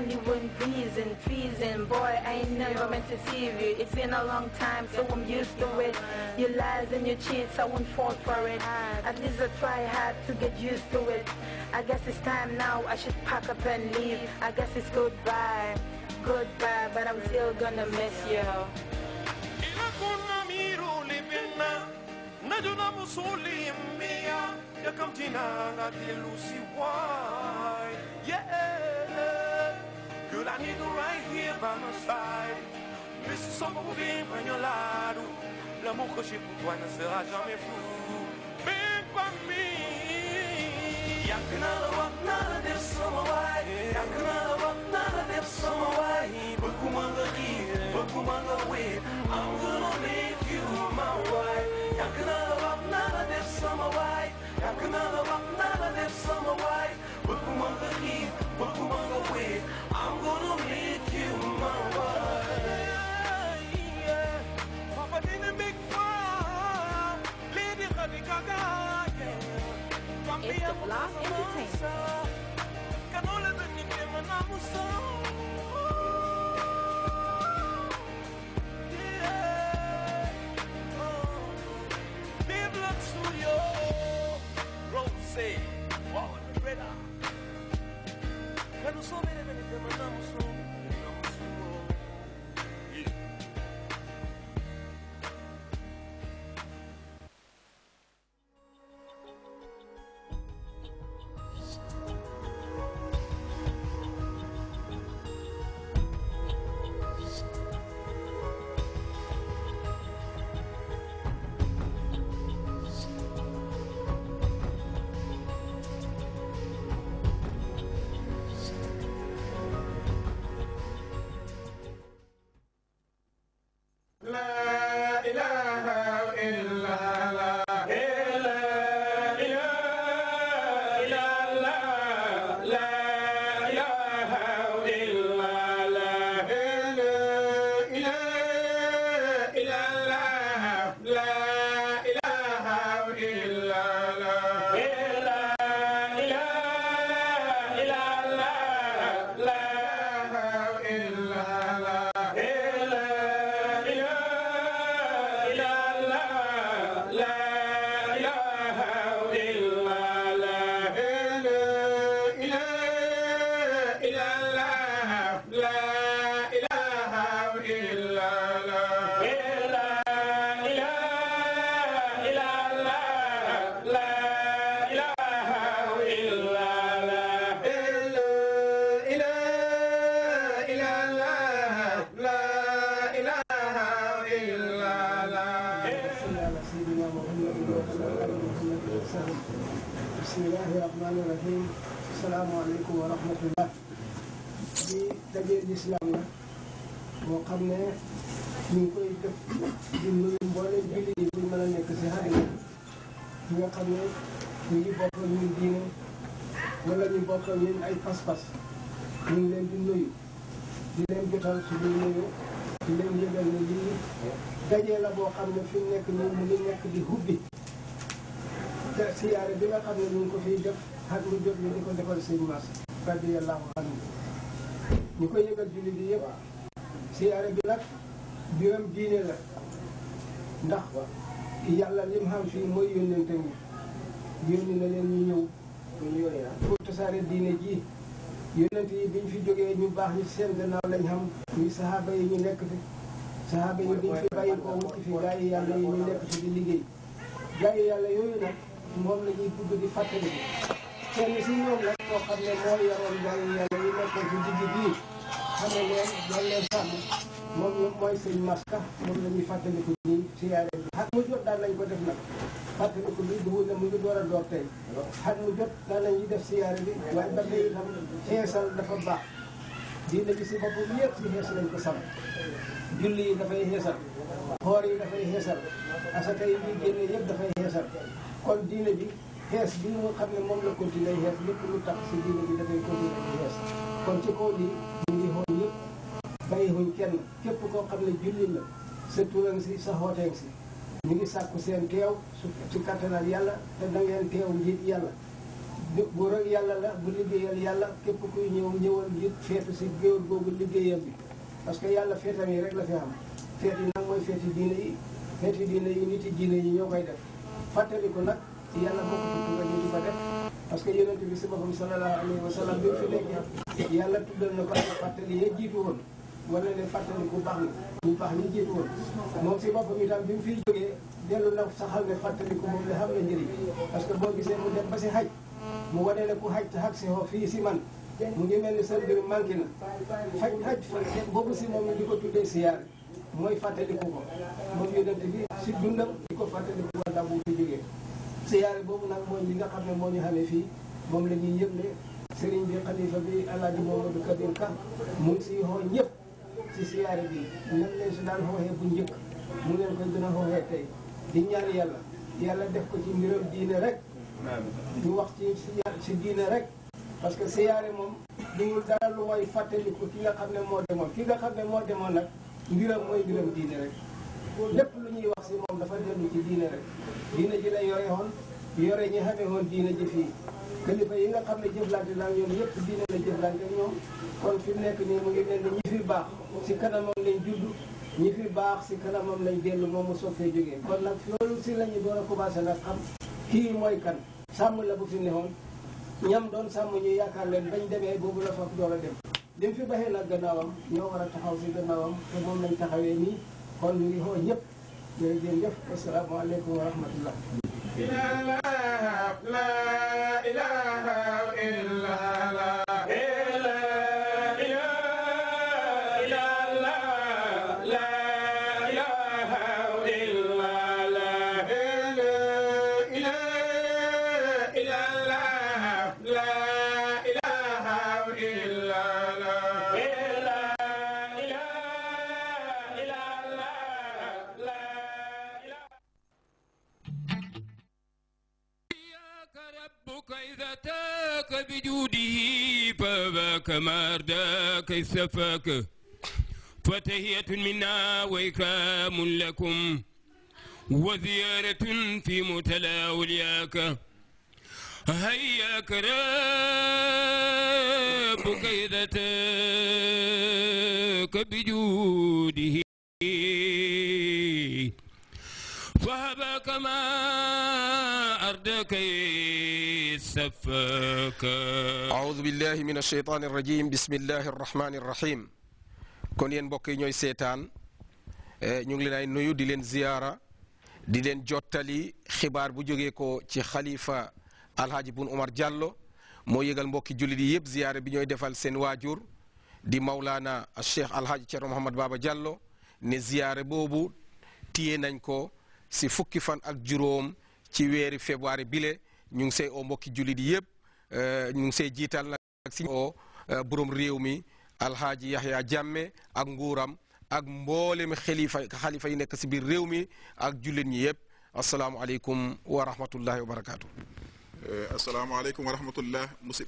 only one reason, reason Boy, I ain't never meant to deceive you. It's been a long time, so I'm used to it. Your lies and your cheats, I won't fall for it. At least I try hard to get used to it. I guess it's time now, I should pack up and leave. I guess it's goodbye, goodbye, but I'm still gonna miss you. najuna musuli mia yakamtinanga tilusi wai yeah I need you right here by my side. Mais si son pour bien prendre la roue, l'amour que j'ai pour toi ne sera jamais flou. Même pas me. Yakınala baknala der samavay Yakınala baknala der samavay Bakımalı gir, bakımalı wait I'm gonna make you my wife Yakınala baknala der samavay Yakınala baknala der samavay Bakımalı gir, bakımalı wait gonna make you my wife. Yeah, Papa didn't make fun. Lady yeah. it's the Block Entertainment. Can only the nickname and I'm say love. بسم الله الرحمن الرحيم السلام عليكم ورحمة الله في تجير الإسلام وقبنا من كل كف جنو ينبال جلي يقول ملا نكسي هاري في قبنا في بطل من دين ولا من بطل من أي قص قص من لين جنو يو لين جغل سبيل يو لين جغل نجي دجي لبو قبنا في نك نو ملي نك دي هبي te siyaare bi nga xam ne ñu ko fi def ak mu jot ñu di ko defal seen mas radiyallahu anhu ñu koy yëgal julli bi yëpp siyaare bi nag biram diine la ndax yàlla lim xam fii mooy yónnente ñi yónni na leen ñu ñëw pour tasaare yi biñ fi jógee ñu baax ñi seen gannaaw lañ xam ñu saxaaba yi ñu nekk fi saxaaba yi biñ fi bàyyi ko wuti fi gaa yi yàlla yi ñu nekk fi di liggéey gaa yàlla yooyu nag moom la ñuy bëgg di fàttali si ñoom nag koo xam ne moo yoroon jaayu yàlla yi nekkoon ci digg bii xame leen doon leen sàmm moom mooy sëñ moom la ñuy fàttaliku nii si yaare bi xat mu jot ko def nag fàttaliku bi dugu ne mu ngi door a door tey xat mu jot daan nañ ñu def si yaare bi waaye ba tey itam xeesal julli yi dafay xeesal xoor yi dafay xeesal asaka yi bi génne yëpp dafay xeesal kon diine bi xees bi nga xam ne moom la continuer xees lépp lu tax si diine bi dafay continuer di xees kon ci kaw yi ñu ngi xool yëpp bàyyi wuñ kenn képp koo xam ne julli la sa turan si sa xooteen si mu ngi sàkku seen teew su ci kattanal yàlla te na teew yàlla bu rek yàlla la bu liggéeyal yàlla képp kuy ñëw ñëwal njiit feetu si géwél boobu liggéeyam bi parce que yàlla feetam yi rek la fi am feet yi nag mooy feeti diine yi feeti yi nit yi diine yi ñoo koy def fàttaliku nag yàlla bokk parce que yonent bi si boppam sallallahu alayhi wa fi nekkee yàlla tuddal na ko ay fàttali ya jiitu woon wala ne fàttali ku baax na ñu baax ñu jiitu woon moom si boppam itam bi mu fiy jógee dellu na saxal ne fàttali ku moom la xam na njëriñ parce que boo gisee mu dem ba si xaj mu wane ne ku xaj te xag si fii si man mu ngi mel ni sa mbir manqué na xaj xaj fa boobu si moom di ko tuddee siyaare mooy fàttaliku ko moom yonent bi si dundam di ko fàttaliku ko ndax bu fi jógee siyaare boobu nag mooy li nga xam ne moo ñu xamee fii moom la ñuy yëg ne sëriñ bi xalifa bi alaaji Mamadou Kabir Ka mu si siyaare bi ñoom bu njëkk mu leen koy gën a xooxee tey di ñaan yàlla yàlla def ko ci mbiram diine rek di wax ci si diine rek parce que siyaare moom duñul dara lu mooy fàttaliku ki nga xam ne moo demoon ki nga xam ne moo demoon nag mbiram mooy mbiram diine rek lépp lu ñuy wax si moom dafa dellu ci diine rek diine ji la yore woon yore ñi xamee woon diine ji fii kilifa yi nga xam ne jëflante la ñoom yëpp diine la jëflante ñoom kon fi mu nekk nii mu ngi mel ni ñi fi baax si kanamam lañ judd ñi fi baax si kanamam lañ dellu moom mu soog fee jógee kon nag loolu si la ñu a commencé nag xam kii mooy kan sàmm la bu ñam doon sàmm ñu yaakaar leen bañ demee boobu la foofu doole dem lim fi baxee nag gannaawam ñoo war a taxaw si gannaawam te moom lañ taxawee nii kon ñu ngi xoo ñëpp jërëjëf asalaamaaleykum wa rahmatullah. la ilaha أتاك بجوده فباك ما أرداك السفاك فتهية منا وإكرام لكم وزيارة في متلا هياك هيا كراب كيدتك بجوده فهباك ما أردك تفكر أعوذ بالله من الشيطان الرجيم بسم الله الرحمن الرحيم kon yéen mbokk yi ñooy seetaan eh, ñu ngi leen ay nuyu di leen ziyaara di leen jottali xibaar bu jógee ko ci xalifa alhaaji bun Omar Diallo moo yëgal mbokki jullit yi yëpp ziyaara bi ñooy defal seen waajur di mawlaana cheikh alhaaji Thierno Mohamed Baba Diallo ne ziyaara boobu téye nañ ko si fukki fan ak juróom ci weeri février bile ñu ngi say oo mbokki jullit yëpp eh, ñu ngi say si oo eh, borom réew mi alxaaji Yahya Jammeh ak nguuram ak mboolem xalifa xalifa yi nekk si biir réew mi ak jullit ñi yëpp asalaamualeykum wa rahmatullahi wa barakaatu. Eh, assalamualeykum wa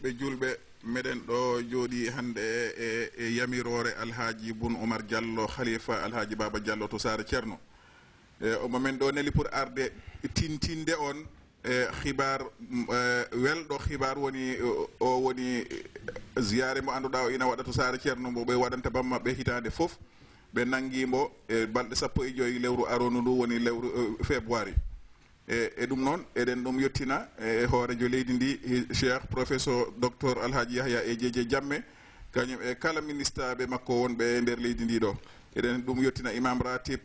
julɓe meɗen ɗo jooɗi hannde e, e, e yamirore alhaaji bun oumar diallo khalifa alhaaji baba diallo to saare ceerno e men ɗo neli pour arde tintinde on E xibar e welɗo xibar woni o woni ziyare mo anduɗa o ina waɗa to sara ceerno mbo ɓe waɗanta bam maɓɓe hitande foof ɓe nanguimo e balɗe sappo e joyi lewru arono ndu woni lewru e february e e ɗum noon eɗen ɗum yettina e hoorejo leydi ndi cheikh professeur docteur alhaji yahya e jeje jamme kañum e kala ministaɓe makko wonɓe e nder leydi ndi ɗo eɗen ɗum yettina imam ratib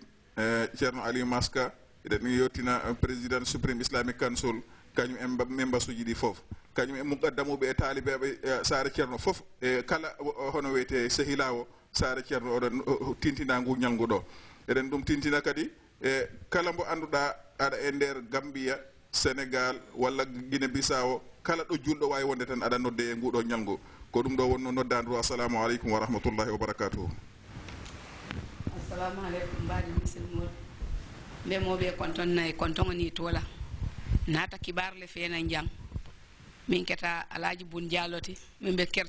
ceerno aliou maska eɗen ɗum yettina eh, président supreme islamique council kañum e membas uji ɗi foof kañum e muqaddamuɓe e taalibeɓe e saare ceerno foof e kala eh, hono wiyete sehila o saare ceerno oɗon tintinangu ñalngu ɗo eɗen ɗum tintina kadi e kala mbo annduɗa aɗa e nder gambia sénégal walla guine bisa o kala ɗo julɗo wawi wonde tan aɗa nodde e nguɗo ñalngu ko ɗum ɗo wonno noddandu assalamu aleykum wa rahmatullahi wa barakatuhu assalamu aleykum mbaɗi musilmoɗo be mo be konton nay e konton ni tola nata kibar le fena njang min keta alaji bun jaloti min be ker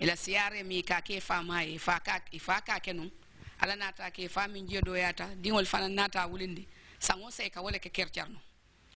ila siyare mi ka ke fama e fa ka e fa ka kenu ala nata ke fa min jedo yata dingol fana nata wulindi sango sai ka wala ke ker